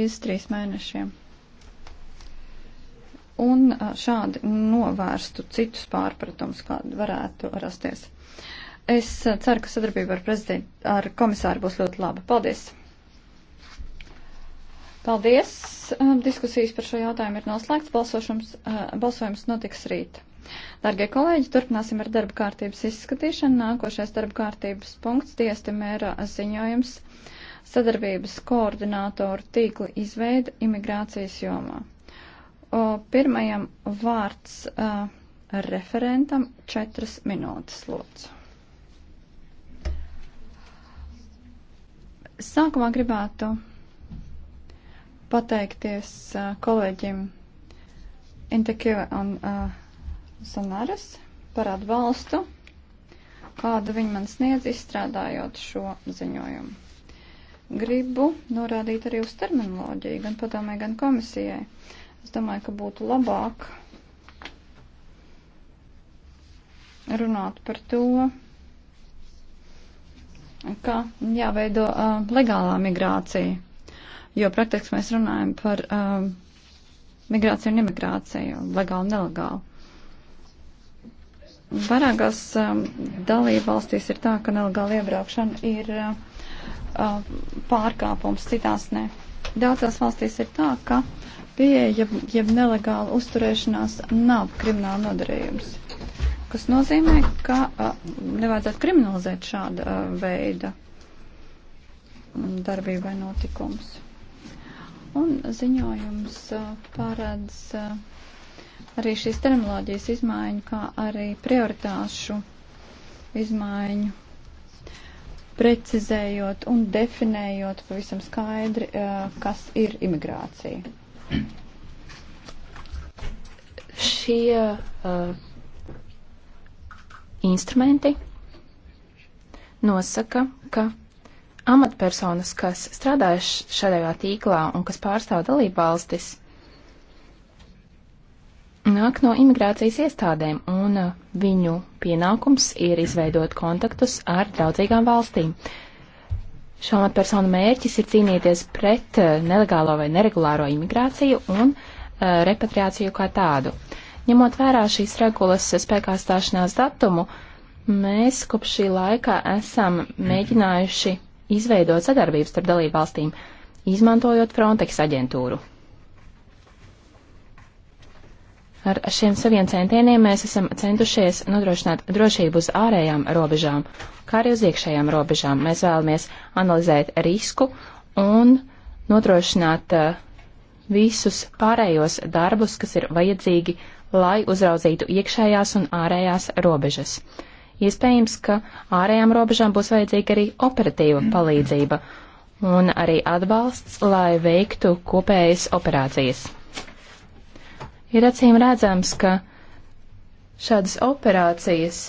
līdz trīs mēnešiem. Un šādi novērstu citus pārpratums, kādi varētu rasties. Es ceru, ka sadarbība ar, ar komisāru būs ļoti laba. Paldies! Paldies! Diskusijas par šo jautājumu ir noslēgts. Balsošums, balsojums notiks rīt. Dargie kolēģi, turpināsim ar darba kārtības izskatīšanu. Nākošais darba kārtības punkts - tiesta mēra ziņojums sadarbības koordinātoru tīkla izveida imigrācijas jomā. O, pirmajam vārds uh, referentam četras minūtes lūdzu. Sākumā gribētu pateikties uh, kolēģim Intekjeve un uh, Sanaras par atbalstu, kādu viņi man sniedz izstrādājot šo ziņojumu. Gribu norādīt arī uz terminoloģiju, gan padomē, gan komisijai. Es domāju, ka būtu labāk runāt par to, ka jāveido uh, legālā migrācija, jo praktiski mēs runājam par uh, migrāciju un imigrāciju, legālu un nelegālu. Vairākās um, dalībvalstīs ir tā, ka nelegāla iebraukšana ir uh, Uh, pārkāpums, citās nē. Daudzās valstīs ir tā, ka pieeja jeb, jeb nelegāla uzturēšanās nav krimināla nodarījums. Kas nozīmē, ka a, uh, nevajadzētu kriminalizēt šāda a, uh, veida um, darbību vai notikumus. Un ziņojums a, paredz a, arī šīs terminoloģijas izmaiņu, kā arī prioritāšu izmaiņu precizējot un definējot pavisam skaidri, eh, kas ir imigrācija. Šie uh, instrumenti nosaka, ka amatpersonas, kas strādājuši šajā tīklā un kas pārstāv dalību valstis, nāk no imigrācijas iestādēm, un uh, viņu pienākums ir izveidot kontaktus ar draudzīgām valstīm. Šo amatpersonu mērķis ir cīnīties pret uh, nelegālo vai neregulāro imigrāciju un uh, repatriāciju kā tādu. Ņemot vērā šīs regulas spēkā stāšanās datumu, mēs kopš šī laika esam mēģinājuši izveidot sadarbības starp dalībvalstīm, izmantojot Frontex aģentūru. Ar šiem saviem centieniem mēs esam centušies nodrošināt drošību uz ārējām robežām, kā arī uz iekšējām robežām. Mēs vēlamies analizēt risku un nodrošināt uh, visus pārējos darbus, kas ir vajadzīgi, lai uzraudzītu iekšējās un ārējās robežas. Iespējams, ka ārējām robežām būs vajadzīga arī operatīva palīdzība un arī atbalsts, lai veiktu kopējas operācijas. Ir acīm redzams, ka šādas operācijas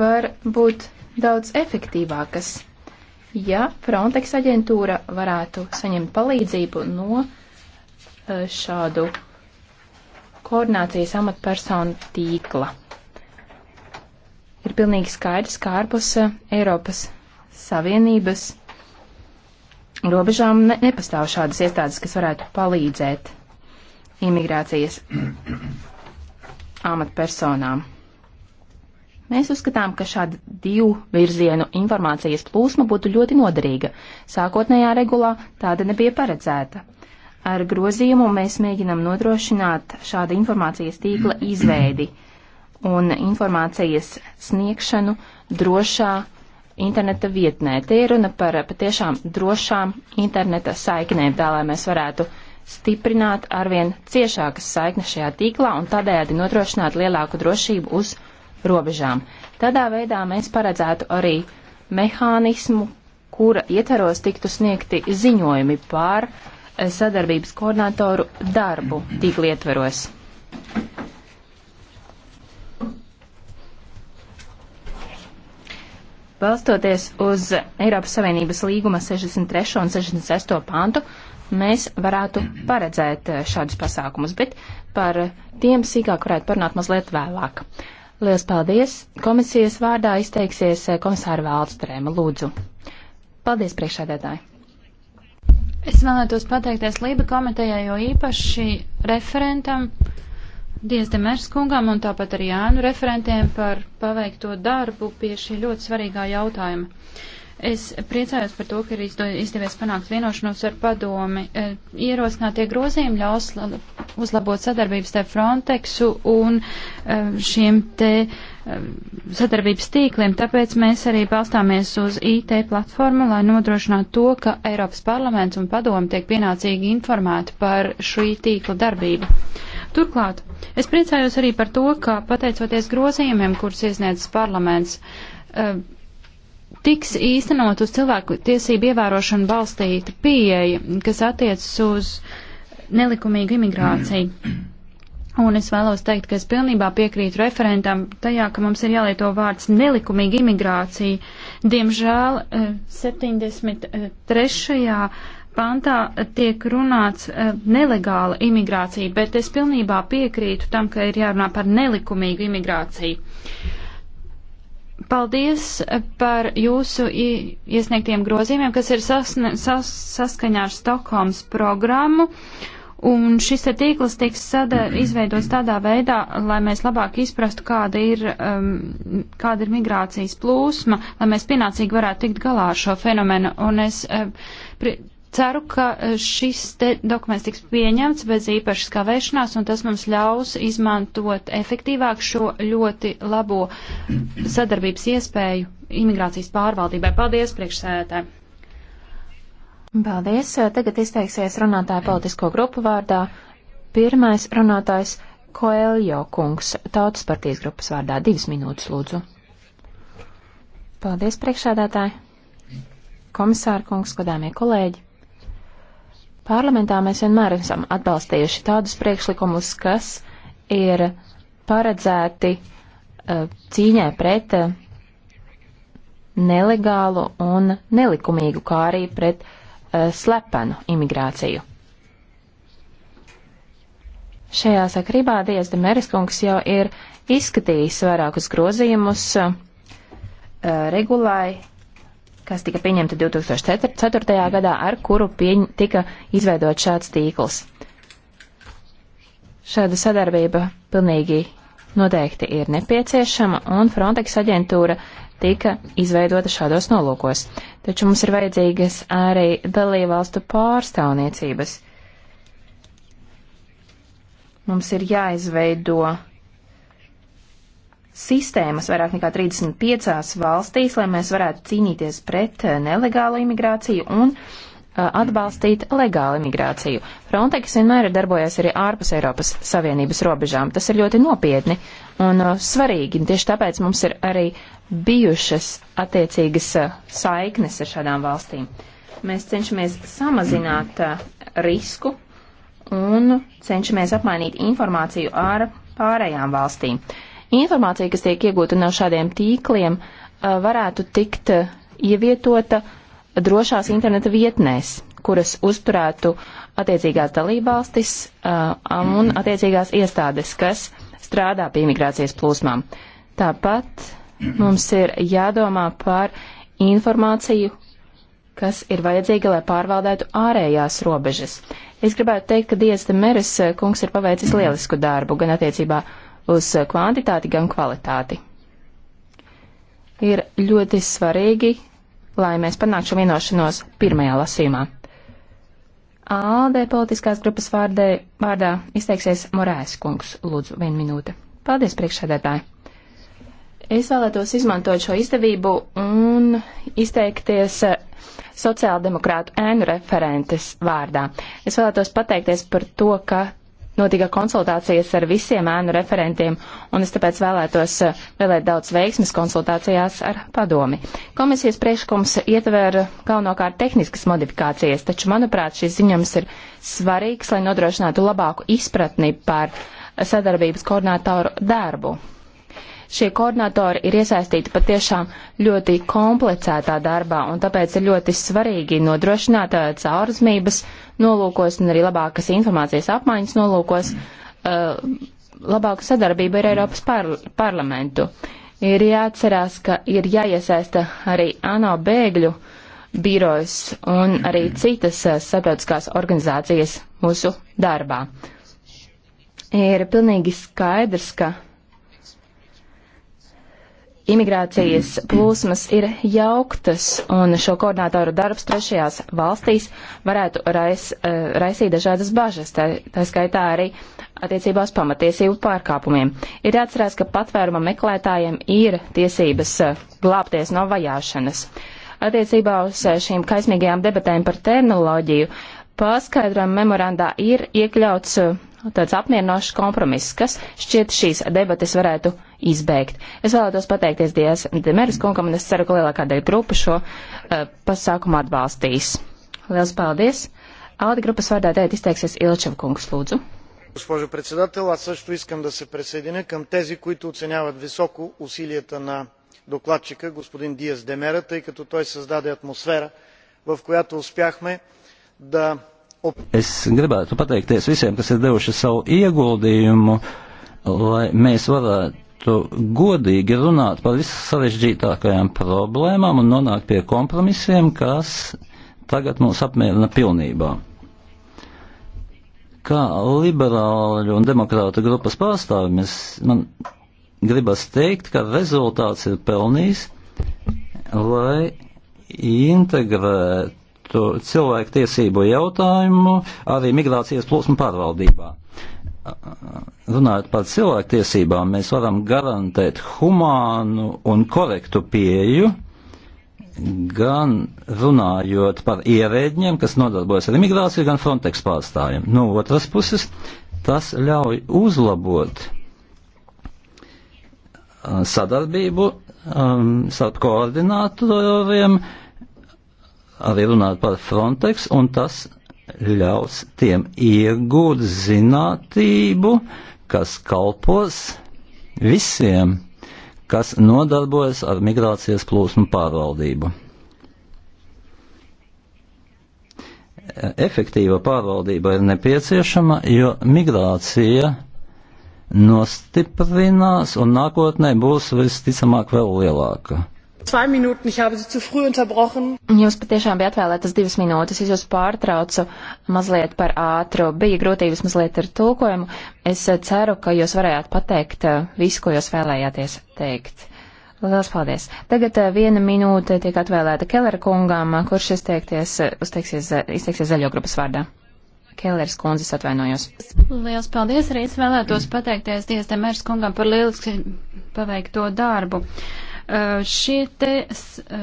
var būt daudz efektīvākas, ja Frontex aģentūra varētu saņemt palīdzību no e, šādu koordinācijas amatpersonu tīkla. Ir pilnīgi skaidrs, ka ārpus e, Eiropas Savienības robežām ne nepastāv šādas iestādes, kas varētu palīdzēt imigrācijas amatpersonām. Mēs uzskatām, ka šāda divu virzienu informācijas plūsma būtu ļoti noderīga. Sākotnējā regulā tāda nebija paredzēta. Ar grozījumu mēs mēģinam nodrošināt šāda informācijas tīkla izveidi un informācijas sniegšanu drošā interneta vietnē. Te ir runa par patiešām drošām interneta saiknēm, tā lai mēs varētu uh, stiprināt arvien ciešākas saiknes šajā tīklā un tādējādi nodrošināt lielāku drošību uz robežām. Tādā veidā mēs paredzētu arī mehānismu, kura ietvaros tiktu sniegti ziņojumi par eh, sadarbības koordinatoru darbu tīkla ietvaros. Balstoties uz Eiropas Savienības līguma 63. un 66. pantu, mēs varētu paredzēt eh, šādus pasākumus, bet par tiem sīkāk varētu parunāt mazliet vēlāk. Lielas paldies! Komisijas vārdā izteiksies eh, komisāra Valdstrēma. Lūdzu! Paldies, priekšādētāji! Es vēlētos pateikties Lība komitejai, jo īpaši referentam Diezde Merskungam un tāpat arī Jānu referentiem par paveikto darbu pie šī ļoti svarīgā jautājuma. Es priecājos par to, ka ir izdevies panākt vienošanos ar padomi. E, ierosinātie grozījumi ļaus uzlabot sadarbības te Frontexu un e, šiem te e, sadarbības tīkliem, tāpēc mēs arī balstāmies uz IT platformu, lai nodrošinātu to, ka Eiropas parlaments un padomi tiek pienācīgi informēti par šī tīkla darbību. Turklāt, es priecājos arī par to, ka pateicoties grozījumiem, kurus iesniedz parlaments, tiks īstenot uz cilvēku tiesību ievērošanu balstīta pieeja, kas attiecas uz nelikumīgu imigrāciju. Un es vēlos teikt, ka es pilnībā piekrītu referentam tajā, ka mums ir jālieto vārds nelikumīga imigrācija. Diemžēl 73. Eh, pantā tiek runāts eh, nelegāla imigrācija, bet es pilnībā piekrītu tam, ka ir jārunā par nelikumīgu imigrāciju. Paldies par jūsu iesniegtiem grozījumiem, kas ir sasne, sas, saskaņā ar Stokholmas programmu. Un šis te tīkls tiks sada, izveidots tādā veidā, lai mēs labāk izprastu, kāda ir, um, kāda ir migrācijas plūsma, lai mēs pienācīgi varētu tikt galā ar šo fenomenu. Un es um, pri, ceru, ka eh, šis dokuments tiks pieņemts bez īpašas kavēšanās, un tas mums ļaus izmantot efektīvāk šo ļoti labo sadarbības iespēju imigrācijas pārvaldībai. Paldies, priekšsēdētāji! Paldies! Tagad izteiksies runātāja politisko grupu vārdā. Pirmais runātājs Koeljo kungs, Tautas partijas grupas vārdā. Divas minūtes, lūdzu. Paldies, priekšsēdētāji! Komisāra kungs, godāmie kolēģi! Parlamentā mēs vienmēr esam atbalstījuši tādus priekšlikumus, kas ir paredzēti uh, cīņai pret uh, nelegālu un nelikumīgu, kā arī pret uh, slepenu imigrāciju. Šajā sakrībā Dievs Demeriskungs jau ir izskatījis vairākus grozījumus regulai kas tika pieņemta 2004. gadā, ar kuru pieņ, tika izveidot šāds tīkls. Šāda sadarbība pilnīgi noteikti ir nepieciešama, un Frontex aģentūra tika izveidota šādos nolūkos. Taču mums ir vajadzīgas arī dalībvalstu pārstāvniecības. Mums ir jāizveido sistēmas vairāk nekā 35 valstīs, lai mēs varētu cīnīties pret eh, nelegālu imigrāciju un eh, atbalstīt legālu imigrāciju. Frontex vienmēr ir darbojies arī ārpus Eiropas Savienības robežām. Tas ir ļoti nopietni un eh, svarīgi. Tieši tāpēc mums ir arī bijušas attiecīgas saiknes ar šādām valstīm. Mēs cenšamies samazināt risku un cenšamies apmainīt informāciju ar pārējām valstīm. Uh, Informācija, kas tiek iegūta no šādiem tīkliem, eh, varētu tikt eh, ievietota drošās interneta vietnēs, kuras uzturētu attiecīgās dalībvalstis eh, un attiecīgās iestādes, kas strādā pie migrācijas plūsmām. Tāpat mums ir jādomā par informāciju, kas ir vajadzīga, lai pārvaldētu ārējās robežas. Es gribētu teikt, ka Dievs Demeres kungs ir paveicis lielisku darbu gan attiecībā uz eh, kvantitāti, gan kvalitāti. Ir ļoti svarīgi, lai mēs panāktu šo vienošanos pirmajā lasījumā. ALDE politiskās grupas vārdē, vārdā izteiksies Morēs kungs. Lūdzu, vienu minūte. Paldies, priekšsēdētāji! Es vēlētos izmantot šo izdevību un izteikties eh, sociāldemokrātu ēnu referentes vārdā. Es vēlētos pateikties par to, ka notika konsultācijas ar visiem ēnu referentiem, un es tāpēc vēlētos vēlēt eh, daudz veiksmes konsultācijās ar padomi. Komisijas priekšlikums ietver galvenokārt tehniskas modifikācijas, taču, manuprāt, šis ziņojums ir svarīgs, lai nodrošinātu labāku izpratni par sadarbības koordinātoru darbu šie koordinatori ir iesaistīti patiešām ļoti komplicētā darbā, un tāpēc ir ļoti svarīgi nodrošināt eh, caurzmības uh, nolūkos un arī labākas informācijas apmaiņas nolūkos, uh, labāku sadarbību ar Eiropas par parlamentu. Ir jāatcerās, ka ir jāiesaista arī ANO bēgļu birojas un arī citas uh, sabiedriskās organizācijas mūsu darbā. Ir pilnīgi skaidrs, ka imigrācijas plūsmas ir jauktas, un šo koordinātoru darbs trešajās valstīs varētu rais, eh, raisīt dažādas bažas, tā, tā skaitā arī attiecībās pamatiesību pārkāpumiem. Ir jāatcerās, ka patvēruma meklētājiem ir tiesības eh, glābties no vajāšanas. Attiecībā uz eh, šīm kaismīgajām debatēm par terminoloģiju paskaidrojuma memorandā ir iekļauts tāds apmierinošs kompromiss, kas šķiet šīs debates varētu izbeigt. Es vēlētos pateikties Dievs Demeras kungam, un es ceru, ka lielākā daļa grupa šo uh, pasākumu atbalstīs. Liels paldies! Aldi grupas vārdā tēt izteiksies Ilčev kungs, lūdzu. Госпожо председател, аз също искам да се присъединя към тези, които оценяват високо усилията на докладчика господин Диас Демера, тъй като той създаде атмосфера, в която успяхме да Es gribētu pateikties visiem, kas ir devuši savu ieguldījumu, lai mēs varētu godīgi runāt par visu sarežģītākajām problēmām un nonākt pie kompromisiem, kas tagad mūs apmierina pilnībā. Kā liberāļu un demokrāta grupas pārstāvis, man gribas teikt, ka rezultāts ir pelnījis, lai integrēt cilvēku tiesību jautājumu arī migrācijas plūsmu pārvaldībā. Runājot par cilvēktiesībām, mēs varam garantēt humānu un korektu pieju, gan runājot par ierēģiem, kas nodarbojas ar imigrāciju, gan Frontex pārstāvjiem. No nu, otras puses, tas ļauj uzlabot uh, sadarbību um, starp koordinātoriem, uh, arī runāt par Frontex, un tas ļaus tiem iegūt zinātību, kas kalpos visiem, kas nodarbojas ar migrācijas plūsmu pārvaldību. Efektīva pārvaldība ir nepieciešama, jo migrācija nostiprinās un nākotnē būs visticamāk vēl lielāka. Jūs patiešām bija atvēlētas divas minūtes, es jūs pārtraucu mazliet par ātru. Bija grūtības mazliet ar tulkojumu. Es eh, ceru, ka jūs varējāt pateikt eh, visu, ko jūs vēlējāties teikt. Lielas paldies. Tagad eh, viena minūte tiek atvēlēta Kellera kungām, kurš izteikties, uzteiksies, izteiksies zaļo grupas vārdā. Kellers kundzes atvainojos. Lielas paldies. Arī es vēlētos pateikties Dievs Demers kungam par lieliski paveikto darbu. Uh, Eh, šie te eh,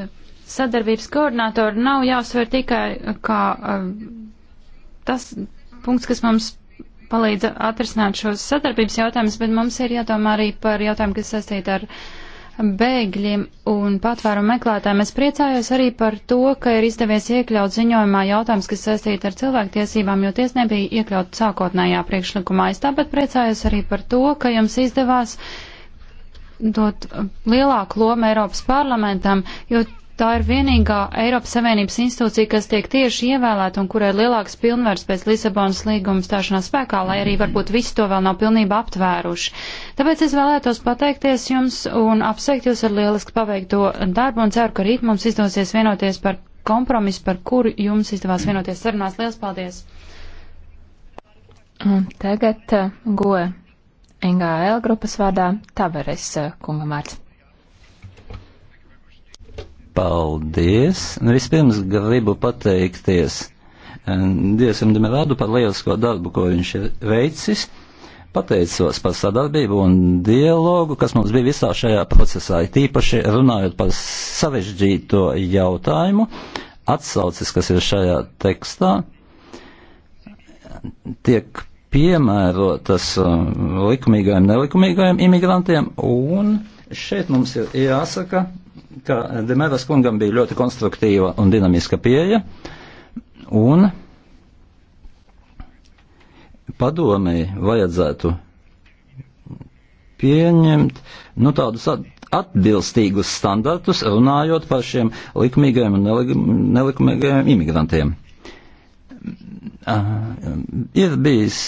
sadarbības koordinātori nav jāsver tikai kā eh, tas punkts, kas mums palīdz atrisināt šos sadarbības jautājumus, bet mums ir jādomā arī par jautājumu, kas saistīta ar bēgļiem un patvērumu meklētājiem. Es priecājos arī par to, ka ir izdevies iekļaut ziņojumā jautājums, kas saistīta ar cilvēktiesībām, jo ties nebija iekļaut sākotnējā priekšlikumā. Es tāpat priecājos arī par to, ka jums izdevās uh, dot lielāku lomu Eiropas parlamentam, jo tā ir vienīgā Eiropas Savienības institūcija, kas tiek tieši ievēlēta un kurai ir lielāks pilnvars pēc Lisabonas līguma stāšanās spēkā, lai arī varbūt visi to vēl nav pilnībā aptvēruši. Tāpēc es vēlētos pateikties jums un apsveikt jūs ar lieliski paveikto darbu un ceru, ka rīt mums izdosies vienoties par kompromisu, par kuru jums izdevās vienoties sarunās. Lielas paldies! Un tagad uh, goja NGL grupas vārdā Tavares eh, kungam vārds. Paldies! Nu, vispirms gribu pateikties eh, Dievam Demelādu par lielisko darbu, ko viņš ir veicis. Pateicos par sadarbību un dialogu, kas mums bija visā šajā procesā, tīpaši runājot par sarežģīto jautājumu, atsaucis, kas ir šajā tekstā, tiek piemērotas um, likumīgajiem, nelikumīgajiem imigrantiem, un šeit mums ir jāsaka, ka Demēras kungam bija ļoti konstruktīva un dinamiska pieeja, un padomēji vajadzētu pieņemt nu, tādus atbilstīgus standartus, runājot par šiem likumīgajiem un nelikumīgajiem imigrantiem ir bijis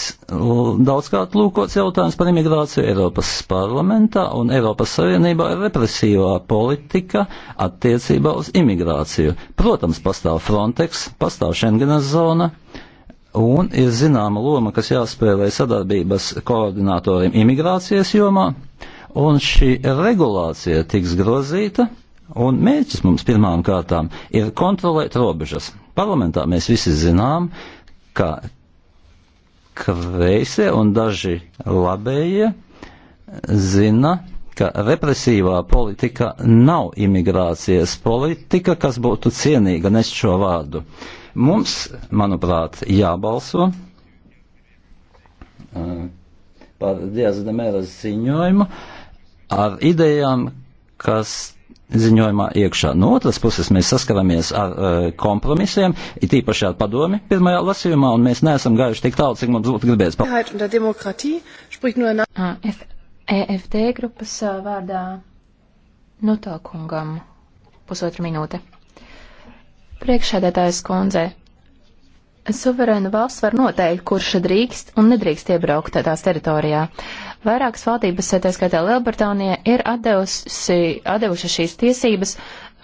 daudzkārt lūkots jautājums par imigrāciju Eiropas parlamentā, un Eiropas Savienībā ir represīvā politika attiecībā uz imigrāciju. Protams, pastāv Frontex, pastāv Schengenas zona, un ir zināma loma, kas jāspēlē sadarbības koordinatoriem imigrācijas jomā, un šī regulācija tiks grozīta. Un mērķis mums pirmām kārtām ir kontrolēt robežas. Parlamentā mēs visi zinām, uh, ka kreisie un daži labējie zina, ka represīvā politika nav imigrācijas politika, kas būtu cienīga nest šo vārdu. Mums, manuprāt, jābalso uh, par Diezda Mēras ziņojumu ar idejām, kas ziņojumā iekšā. No otras puses mēs saskaramies ar uh, kompromisiem, it īpaši ar padomi pirmajā lasījumā, un mēs neesam gājuši tik tālu, cik mums būtu gribējis. Paldies. EFD grupas vārdā Nutākungam pusotra minūte. Priekšsēdētājs kundze, suverēna valsts var noteikt, kurš drīkst un nedrīkst iebraukt tās teritorijā. Uh, Vairākas valdības, eh, tā skaitā Lielbritānija, ir atdevusi, atdevuši šīs tiesības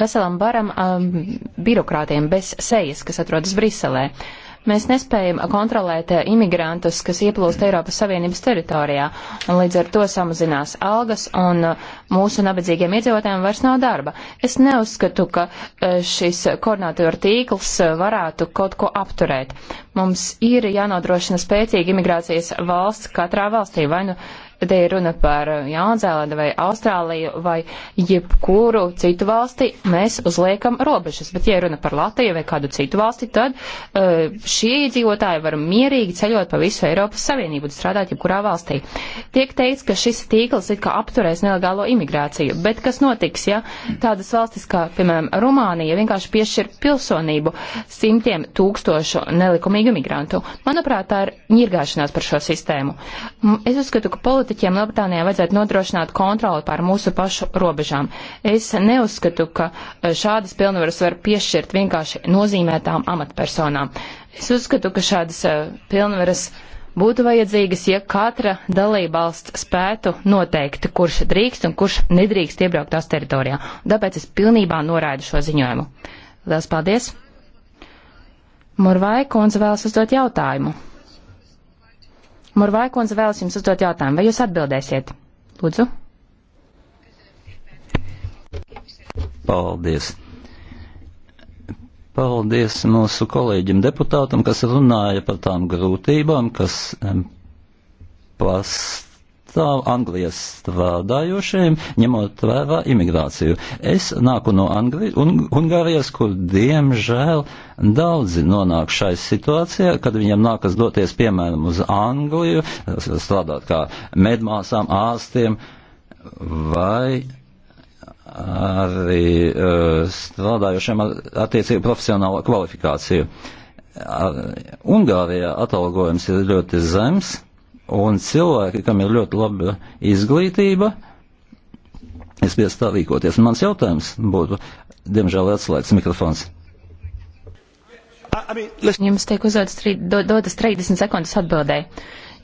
veselam baram um, ehm, birokrātiem bez sejas, kas atrodas Briselē. Uh, Mēs nespējam kontrolēt eh, imigrantus, kas ieplūst Eiropas Savienības teritorijā, un līdz ar to samazinās algas, un eh, mūsu nabadzīgiem iedzīvotājiem vairs nav darba. Es neuzskatu, ka eh, šis koordinātoru tīkls varētu kaut ko apturēt. Mums ir jānodrošina spēcīga imigrācijas valsts katrā valstī, vai nu te ir runa par Jaunzēlandu vai Austrāliju vai jebkuru citu valsti, mēs uzliekam robežas. Bet, ja runa par Latviju vai kādu citu valsti, tad eh, šie iedzīvotāji var mierīgi ceļot pa visu Eiropas Savienību un strādāt jebkurā valstī. Tiek teikts, ka šis tīkls it kā apturēs nelegālo imigrāciju, bet kas notiks, ja tādas valstis kā, piemēram, Rumānija vienkārši piešķir pilsonību simtiem tūkstošu nelikumīgu imigrantu? Manuprāt, tā ir ņirgāšanās par šo sistēmu. Es uzskatu, ka politika politiķiem Lielbritānijā vajadzētu nodrošināt kontroli pār mūsu pašu robežām. Es neuzskatu, ka e, šādas pilnvaras var piešķirt vienkārši nozīmētām amatpersonām. Es uzskatu, ka šādas e, pilnvaras būtu vajadzīgas, ja katra dalībvalsts spētu noteikt, kurš drīkst un kurš nedrīkst iebraukt tās teritorijā. Tāpēc es pilnībā noraidu šo ziņojumu. Lielas paldies! Murvai kundze vēlas uzdot jautājumu. Morvaikons vēlas jums uzdot jautājumu. Vai jūs atbildēsiet? Lūdzu. Paldies. Paldies mūsu kolēģim deputātam, kas runāja par tām grūtībām, kas pastāv pārstāvu Anglijas strādājošiem, ņemot vērā imigrāciju. Es nāku no Angli un Ungārijas, kur diemžēl daudzi nonāk šai situācijā, kad viņiem nākas doties piemēram uz Angliju, strādāt kā medmāsām, ārstiem vai arī uh, strādājošiem ar attiecīgu profesionālo kvalifikāciju. Uh, Ungārijā atalgojums ir ļoti zems, Un cilvēki, kam ir ļoti laba izglītība, ir spiest tā rīkoties. Mans jautājums būtu, diemžēl atslēgts mikrofons. Jums tiek uzdotas 30 sekundes atbildēji.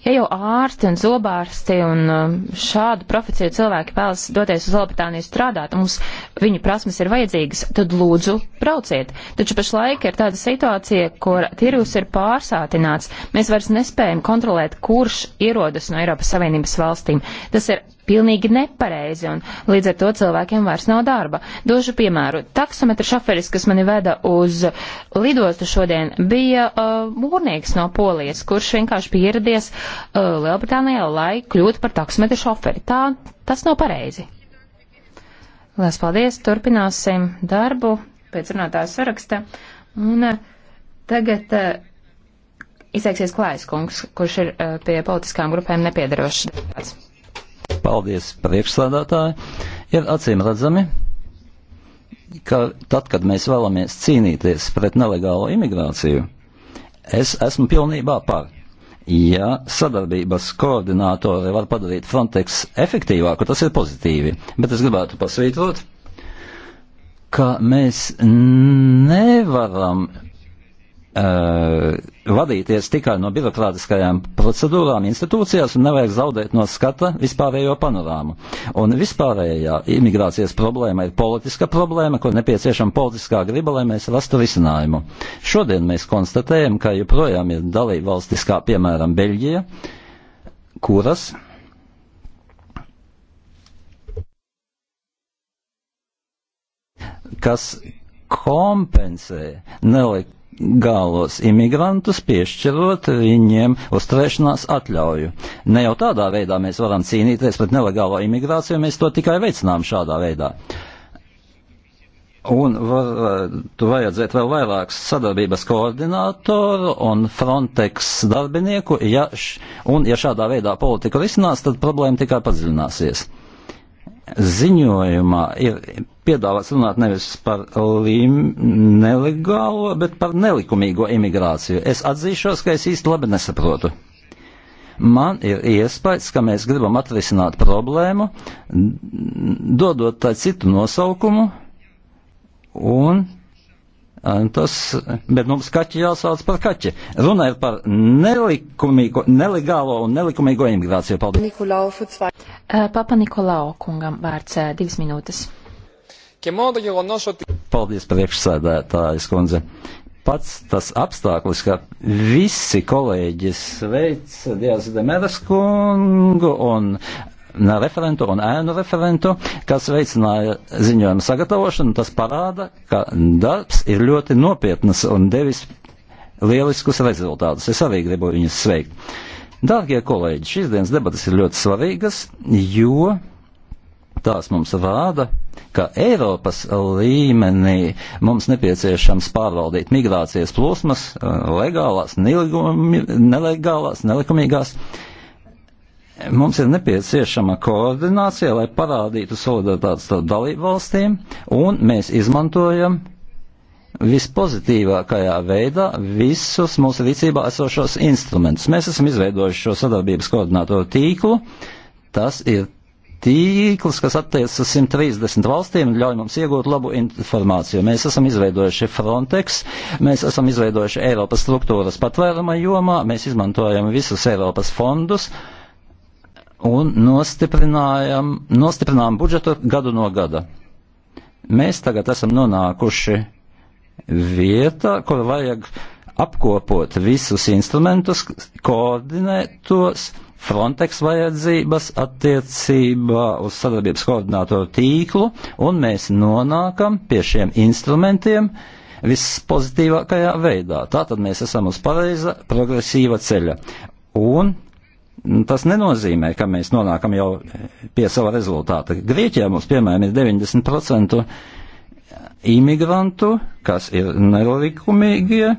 Ja jau ārsti un zobārsti un um, šādu profesiju cilvēki vēlas doties uz Lielbritāniju strādāt, mums viņu prasmes ir vajadzīgas, tad lūdzu brauciet. Taču pašlaik ir tāda situācija, kur tirgus ir pārsātināts. Mēs vairs nespējam kontrolēt, kurš ierodas no Eiropas Savienības valstīm. Tas ir pilnīgi nepareizi, un līdz ar to cilvēkiem vairs nav darba. Došu piemēru. Taksometra šoferis, kas mani veda uz lidostu šodien, bija uh, mūrnieks no Polijas, kurš vienkārši pieradies uh, Lielbritānijā, lai kļūtu par taksometra šoferi. Tā, tas nav pareizi. Lielas paldies, turpināsim darbu pēc runātāja saraksta. Un uh, tagad. Uh, izteiksies Klājas kungs, kurš ir uh, pie politiskām grupēm nepiedarošs deputāts. Paldies, priekšsādātāji. Ir acīm redzami, ka tad, kad mēs vēlamies cīnīties pret nelegālo imigrāciju, es esmu pilnībā par. Ja sadarbības koordinātori var padarīt Frontex efektīvāku, tas ir pozitīvi, bet es gribētu pasvītrot, ka mēs nevaram uh, vadīties tikai no birokrātiskajām procedūrām institūcijās un nevajag zaudēt no skata vispārējo panorāmu. Un vispārējā imigrācijas problēma ir politiska problēma, kur nepieciešama politiskā griba, lai mēs rastu risinājumu. Šodien mēs konstatējam, ka joprojām ir dalība valstis, kā piemēram Beļģija, kuras kas kompensē nelikt nelegālos imigrantus, piešķirot viņiem uzturēšanās atļauju. Ne jau tādā veidā mēs varam cīnīties pret nelegālo imigrāciju, mēs to tikai veicinām šādā veidā. Un var, tu vajadzētu vēl vairāk sadarbības koordinātoru un Frontex darbinieku, ja, š, un ja šādā veidā politika risinās, tad problēma tikai padziļināsies ziņojumā ir piedāvāts runāt nevis par nelegālo, bet par nelikumīgo imigrāciju. Es atzīšos, ka es īsti labi nesaprotu. Man ir iespējas, ka mēs gribam atrisināt problēmu, dodot tā citu nosaukumu un Tas, bet mums kaķi jāsauc par kaķi. Runa ir par nelikumīgo, nelegālo un nelikumīgo imigrāciju. Paldies. Nikolau, eh, Papa Nikolau kungam vārds eh, divas minūtes. Paldies, priekšsēdētājas kundze pats tas apstākļus, ka visi kolēģi sveic Dievs Demeras kungu un referentu un ēnu referentu, kas veicināja ziņojumu sagatavošanu. Tas parāda, ka darbs ir ļoti nopietnas un devis lieliskus rezultātus. Es arī gribu viņus sveikt. Dārgie kolēģi, šīs dienas debatas ir ļoti svarīgas, jo tās mums rāda, ka Eiropas līmenī mums nepieciešams pārvaldīt migrācijas plūsmas, eh, legālās, nelegālās, nelikumīgās. Mums ir nepieciešama koordinācija, lai parādītu solidaritāti starp dalību valstīm, un mēs izmantojam vispozitīvākajā veidā visus mūsu rīcībā esošos instrumentus. Mēs esam izveidojuši šo sadarbības koordinātoru tīklu. Tas ir tīkls, kas attiecas uz 130 valstīm un ļauj mums iegūt labu informāciju. Mēs esam izveidojuši Frontex, mēs esam izveidojuši Eiropas struktūras patvēruma jomā, mēs izmantojam visus Eiropas fondus. Uh, un nostiprinājam, nostiprinām budžetu gadu no gada. Mēs tagad esam nonākuši vieta, kur vajag apkopot visus instrumentus, koordinēt tos, Frontex vajadzības attiecībā uz sadarbības koordinātoru tīklu, un mēs nonākam pie šiem instrumentiem vispozitīvākajā veidā. Tātad mēs esam uz pareiza progresīva ceļa. Un Tas nenozīmē, ka mēs nonākam jau pie sava rezultāta. Grieķijā mums, piemēram, ir 90% imigrantu, kas ir nelikumīgie.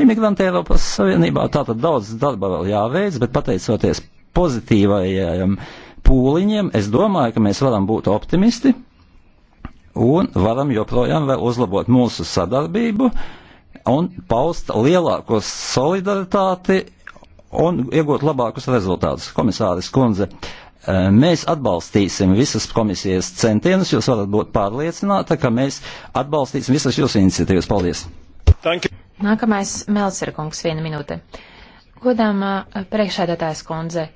Imigranti Eiropas Savienībā tātad daudz darba vēl jāveic, bet pateicoties pozitīvajiem pūliņiem, es domāju, ka mēs varam būt optimisti un varam joprojām vēl uzlabot mūsu sadarbību un paust lielāko solidaritāti un iegūt labākus rezultātus. Komisāris Kunze, eh, mēs atbalstīsim visas komisijas centienus, jūs varat būt pārliecināta, ka mēs atbalstīsim visas jūsu iniciatīvas. Paldies! Nākamais Melcerkungs, viena minūte. Godāmā eh, priekšēdētājs Kunze,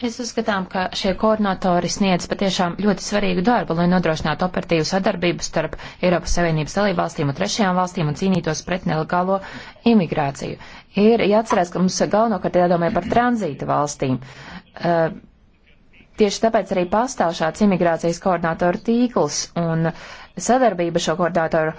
Mēs uzskatām, ka šie koordinatori sniedz patiešām ļoti svarīgu darbu, lai nodrošinātu operatīvu sadarbību starp Eiropas Savienības dalībvalstīm un trešajām valstīm un cīnītos pret nelegālo imigrāciju ir jāatcerās, ka mums galvenokārt jādomā par tranzīta valstīm. Uh, tieši tāpēc arī pastāv šāds imigrācijas koordinātoru tīkls, un sadarbība šo koordinātoru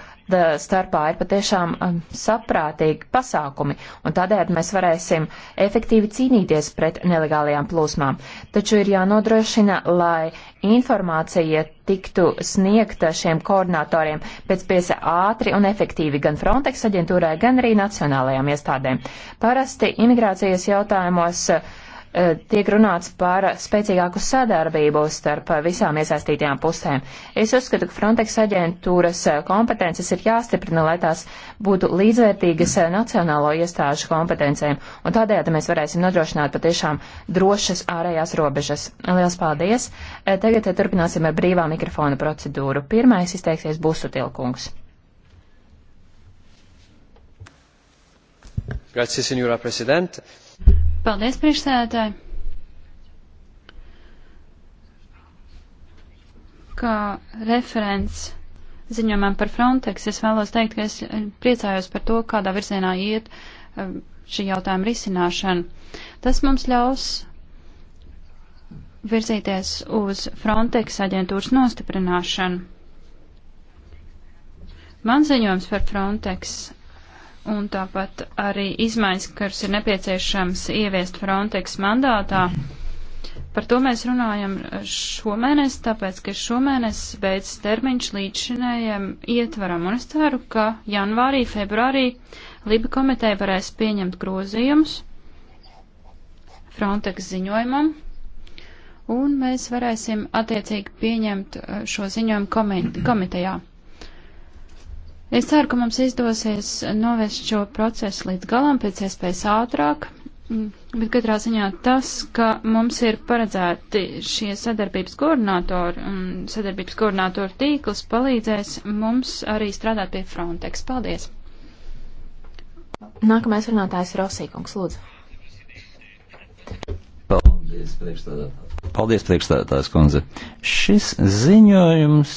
starpā ir patiešām um, saprātīgi pasākumi, un tādējādi mēs varēsim efektīvi cīnīties pret nelegālajām plūsmām. Taču ir jānodrošina, lai informācija tiktu sniegta šiem koordinatoriem pēc piesa ātri un efektīvi gan Frontex aģentūrai, gan arī nacionālajām iestādēm. Parasti imigrācijas jautājumos uh, Eh, tiek runāts par spēcīgāku sadarbību starp visām iesaistītajām pusēm. Es uzskatu, ka Frontex aģentūras eh, kompetences ir jāstiprina, lai tās būtu līdzvērtīgas eh, nacionālo iestāžu kompetencēm, un tādējādi mēs varēsim nodrošināt patiešām drošas ārējās robežas. Lielas paldies! Tagad turpināsim ar brīvā mikrofona procedūru. Pirmais izteiksies Busutilkungs. Grazie, signora Presidente. Paldies, priekšsēdētāji! Kā referents ziņojumam par Frontex, es vēlos teikt, ka es priecājos par to, kādā virzienā iet um, šī jautājuma risināšana. Tas mums ļaus virzīties uz Frontex aģentūras nostiprināšanu. Man ziņojums par Frontex un tāpat arī izmaiņas, kuras ir nepieciešams ieviest Frontex mandātā. Par to mēs runājam šomēnes, tāpēc, ka šomēnes beidz termiņš līdz šinējiem ietvaram, un es ceru, ka janvārī, februārī Liba komiteja varēs pieņemt grozījumus Frontex ziņojumam, un mēs varēsim attiecīgi pieņemt uh, šo ziņojumu komite komitejā. Es ceru, ka mums izdosies novest šo procesu līdz galam pēc iespējas ātrāk, mm, bet katrā ziņā tas, ka mums ir paredzēti šie sadarbības koordinātori un sadarbības koordinātori tīkls palīdzēs mums arī strādāt pie Frontex. Paldies! Nākamais runātājs Rosīkungs, lūdzu. Paldies, priekšstādātājs. Paldies, priekšstādātājs kundze. Šis ziņojums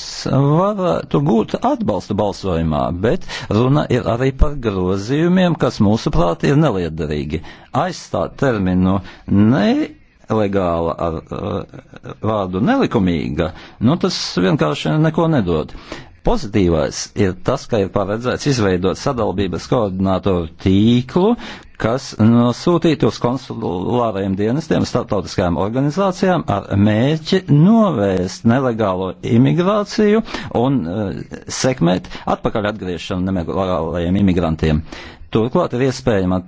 varētu būt atbalsta balsojumā, bet runa ir arī par grozījumiem, kas mūsuprāt ir neliederīgi. Aizstāt terminu ne legāla ar, ar, eh, ar vārdu nelikumīga, nu tas vienkārši neko nedod. Pozitīvais ir tas, ka ir paredzēts izveidot sadalbības koordinātoru tīklu, kas nosūtītu uz konsulāriem dienestiem, starptautiskajām organizācijām ar mērķi novērst nelegālo imigrāciju un uh, sekmēt atpakaļ atgriešanu nelegālajiem imigrantiem. Turklāt ir iespējama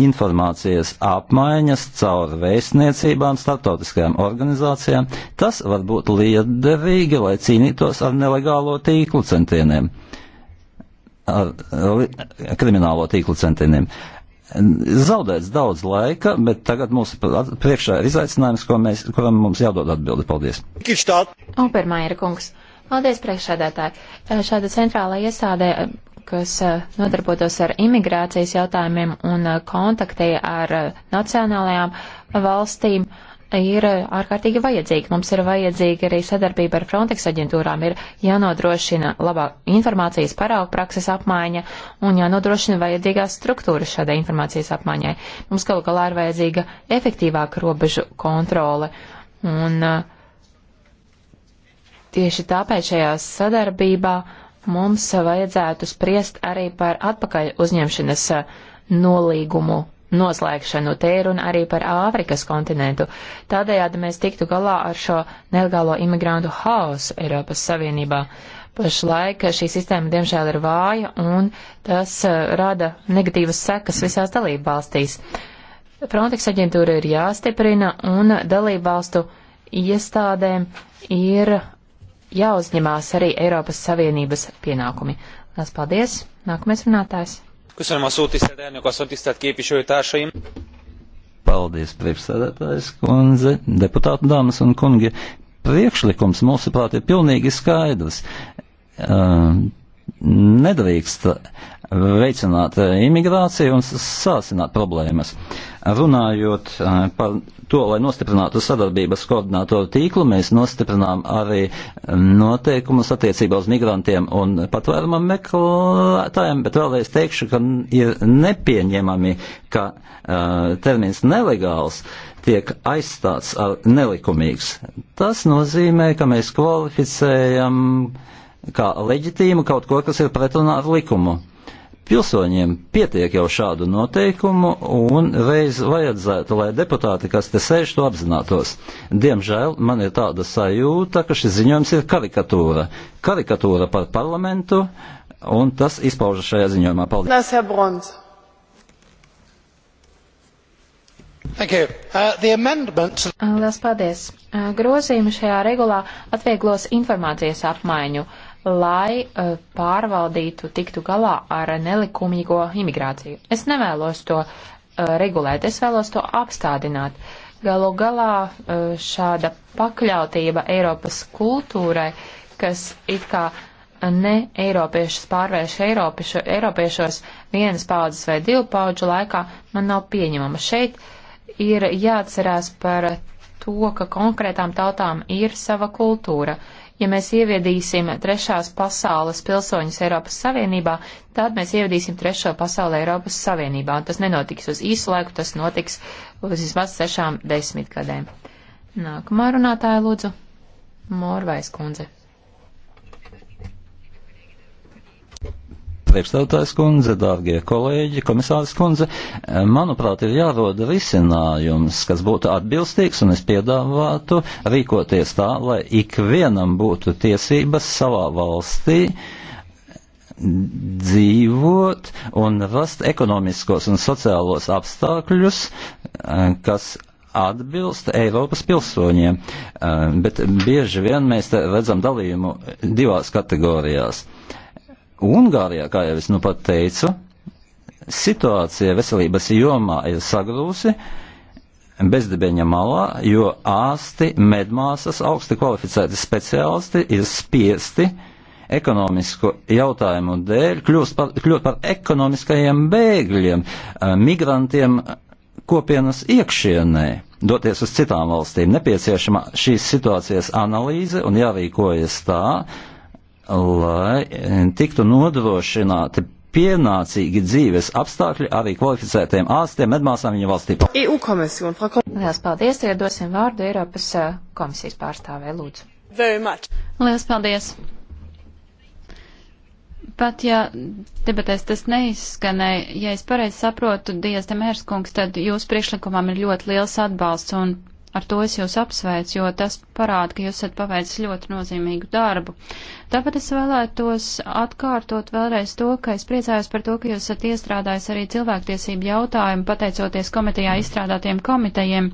informācijas apmaiņas caur vēstniecībām, starptautiskajām organizācijām, tas var būt liederīgi, lai cīnītos ar nelegālo tīklu centieniem, ar li, kriminālo tīklu centieniem. Zaudēts daudz laika, bet tagad mūsu priekšā ir izaicinājums, ko mēs, kuram mums jādod atbildi. Paldies! Opermaira kungs! Paldies, priekšsēdētāji. Šāda centrāla iestāde kas eh, nodarbotos ar imigrācijas jautājumiem un eh, kontaktē ar eh, nacionālajām valstīm, ir ārkārtīgi vajadzīga. Mums ir vajadzīga arī sadarbība ar Frontex aģentūrām, ir jānodrošina labā informācijas parauga prakses apmaiņa un jānodrošina vajadzīgās struktūras šādai informācijas apmaiņai. Mums galu galā ir vajadzīga efektīvāka robežu kontrole. Un tieši tāpēc šajā sadarbībā uh, mums vajadzētu spriest arī par atpakaļ uzņemšanas nolīgumu noslēgšanu. Te ir runa arī par Āfrikas kontinentu. Tādējādi mēs tiktu galā ar šo nelegālo imigrantu haosu Eiropas Savienībā. Pašlaik šī sistēma diemžēl ir vāja un tas rada negatīvas sekas visās dalību valstīs. Frontex aģentūra ir jāstiprina un dalību valstu iestādēm ir jāuzņemās arī Eiropas Savienības pienākumi. Lielas paldies! Nākamais runātājs! Köszönöm a szót, tisztelt elnök asszony, tisztelt képviselőtársaim! Paldies, priekšsēdētājs kundze, deputātu dāmas un kungi. Priekšlikums, mūsuprāt, ir pilnīgi skaidrs. Uh, nedrīkst veicināt eh, imigrāciju un sāsināt problēmas. Runājot eh, par to, lai nostiprinātu sadarbības koordinātoru tīklu, mēs nostiprinām arī eh, noteikumus attiecībā uz migrantiem un patvērumam meklētājiem, bet vēlreiz teikšu, ka ir nepieņemami, ka uh, termins nelegāls tiek aizstāts ar nelikumīgs. Tas nozīmē, ka mēs kvalificējam kā leģitīmu kaut ko, kas ir pretrunā ar likumu Pilsoņiem pietiek jau šādu noteikumu un reiz vajadzētu, lai deputāti, kas te sēž, to apzinātos. Diemžēl man ir tāda sajūta, ka šis ziņojums ir karikatūra. Karikatūra par parlamentu un tas izpaužas šajā ziņojumā. Paldies! Uh, Lielas paldies! Uh, grozījumi šajā regulā atvieglos informācijas apmaiņu lai uh, pārvaldītu, tiktu galā ar nelikumīgo imigrāciju. Es nevēlos to uh, regulēt, es vēlos to apstādināt. Galu galā uh, šāda pakļautība Eiropas kultūrai, kas it kā ne Eiropiešus pārvērš Eiropiešu, Eiropiešos vienas paudzes vai divu paudžu laikā, man nav pieņemama. Šeit ir jāatcerās par to, ka konkrētām tautām ir sava kultūra. Uh, Ja mēs ieviedīsim trešās pasaules pilsoņus Eiropas Savienībā, tad mēs ieviedīsim trešo pasauli Eiropas Savienībā, un tas nenotiks uz īsu laiku, tas notiks uz vismaz sešām desmitgadēm. Nākamā runātāja lūdzu, Morvais kundze. priekšstādātājs kundze, dārgie kolēģi, komisārs kundze, manuprāt, ir jāroda risinājums, kas būtu atbilstīgs, un es piedāvātu rīkoties tā, lai ikvienam būtu tiesības savā valstī dzīvot un rast ekonomiskos un sociālos apstākļus, kas atbilst Eiropas pilsoņiem, bet bieži vien mēs redzam dalījumu divās kategorijās. Ungārijā, kā jau es nu pat teicu, situācija veselības jomā ir sagrūsi bezdibeņa malā, jo ārsti, medmāsas, augsti kvalificēti speciālisti ir spiesti ekonomisku jautājumu dēļ kļūst par, kļūt par ekonomiskajiem bēgļiem, eh, migrantiem kopienas iekšienē, doties uz citām valstīm. Nepieciešama šīs situācijas analīze un jārīkojas tā, lai eh, tiktu nodrošināti pienācīgi dzīves apstākļi arī kvalificētiem ārstiem, medmāsām viņa valstī. EU komisija un Frau Lielas paldies, iedosim vārdu Eiropas eh, komisijas pārstāvē, lūdzu. Very much. Lielas paldies. Pat ja debatēs tas neizskanēja, ja es pareizi saprotu, Dievs Demērs kungs, tad jūsu priekšlikumam ir ļoti liels atbalsts un Ar to es jūs apsveicu, jo tas parāda, ka jūs esat paveicis ļoti nozīmīgu darbu. Tāpat es vēlētos atkārtot vēlreiz to, ka es priecājos par to, ka jūs esat iestrādājis arī cilvēktiesību jautājumu, pateicoties komitejā izstrādātiem komitejiem.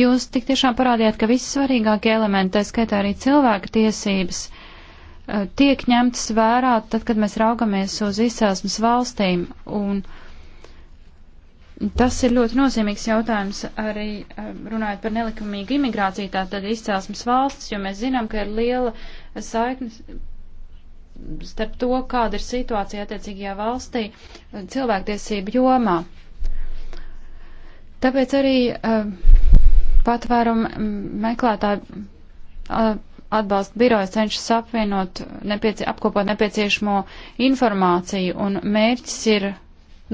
Jūs tik tiešām parādījāt, ka vissvarīgākie elementi, tā skaitā arī cilvēka tiesības, eh, tiek ņemtas vērā tad, kad mēs raugamies uz izcelsmes valstīm. Un, uh, Tas ir ļoti nozīmīgs jautājums arī um, runājot par nelikumīgu imigrāciju, tātad izcelsmes valsts, jo mēs zinām, ka ir liela saiknes starp to, kāda ir situācija attiecīgajā valstī uh, cilvēktiesību jomā. Tāpēc arī um, patvērumu meklētāju uh, atbalsta birojas cenšas apvienot, nepiecie, apkopot nepieciešamo informāciju, un mērķis ir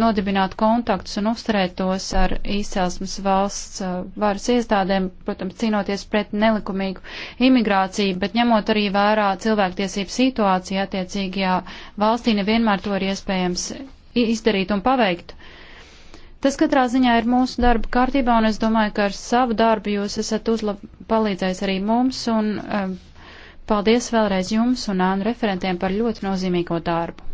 nodibināt kontaktus un uzturēt tos ar izcelsmes valsts uh, varas iestādēm, protams, cīnoties pret nelikumīgu imigrāciju, bet ņemot arī vērā cilvēktiesību situāciju attiecīgajā valstī, nevienmēr to ir iespējams izdarīt un paveikt. Tas katrā ziņā ir mūsu darba kārtībā, un es domāju, ka ar savu darbu jūs esat uzlab palīdzējis arī mums, un um, paldies vēlreiz jums un Ānu referentiem par ļoti nozīmīgo darbu.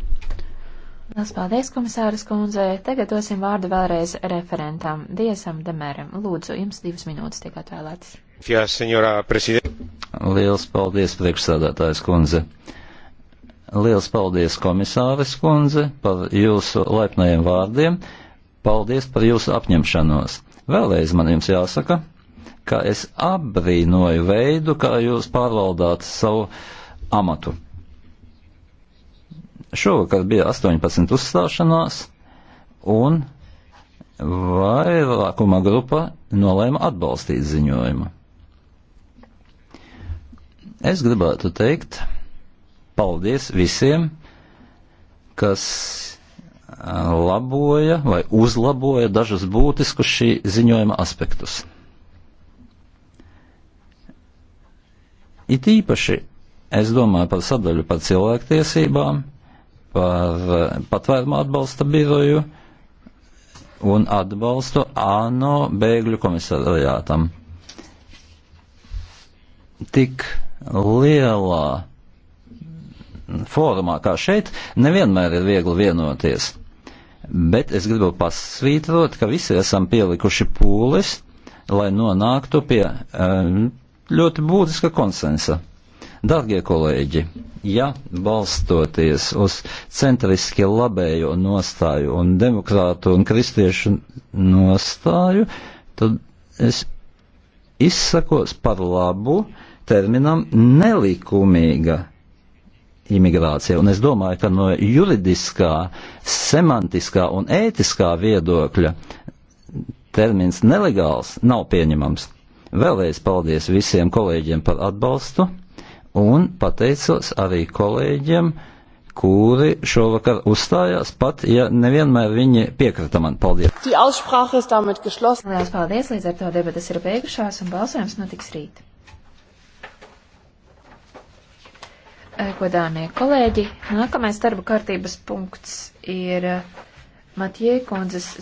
Lielas paldies, komisāras kundze. Tagad dosim vārdu vēlreiz referentam Diezam Demēram. Lūdzu, jums divas minūtes tiek atvēlētas. Jā, senjorā prezident. Lielas paldies, priekšsādātājs kundze. Lielas paldies, komisāres kundze, par jūsu laipnajiem vārdiem. Paldies par jūsu apņemšanos. Vēlreiz man jums jāsaka, ka es apbrīnoju veidu, kā jūs pārvaldāt savu amatu. Šovakar bija 18 uzstāšanās, un vairākuma grupa nolēma atbalstīt ziņojumu. Es gribētu teikt paldies visiem, kas laboja vai uzlaboja dažus būtiskus šī ziņojuma aspektus. It īpaši es domāju par sadaļu par cilvēktiesībām, par eh, patvērumu atbalsta biroju un atbalstu ANO bēgļu komisariātam. Tik lielā fórumā kā šeit nevienmēr ir viegli vienoties, bet es gribu pasvītrot, ka visi esam pielikuši pūles, lai nonāktu pie eh, ļoti būtiska konsensa. Dārgie kolēģi! ja balstoties uz centriski labējo nostāju un demokrātu un kristiešu nostāju, tad es izsakos par labu terminam nelikumīga imigrācija. Un es domāju, ka no juridiskā, semantiskā un ētiskā viedokļa termins nelegāls nav pieņemams. Vēlreiz paldies visiem kolēģiem par atbalstu un pateicos arī kolēģiem, kuri šovakar uzstājās, pat ja nevienmēr viņi piekrita man. Paldies! Lielas paldies, līdz ar to debatas ir beigušās un balsojums notiks rīt. Godānie eh, kolēģi, nākamais darba kārtības punkts ir eh, Matjē Konzes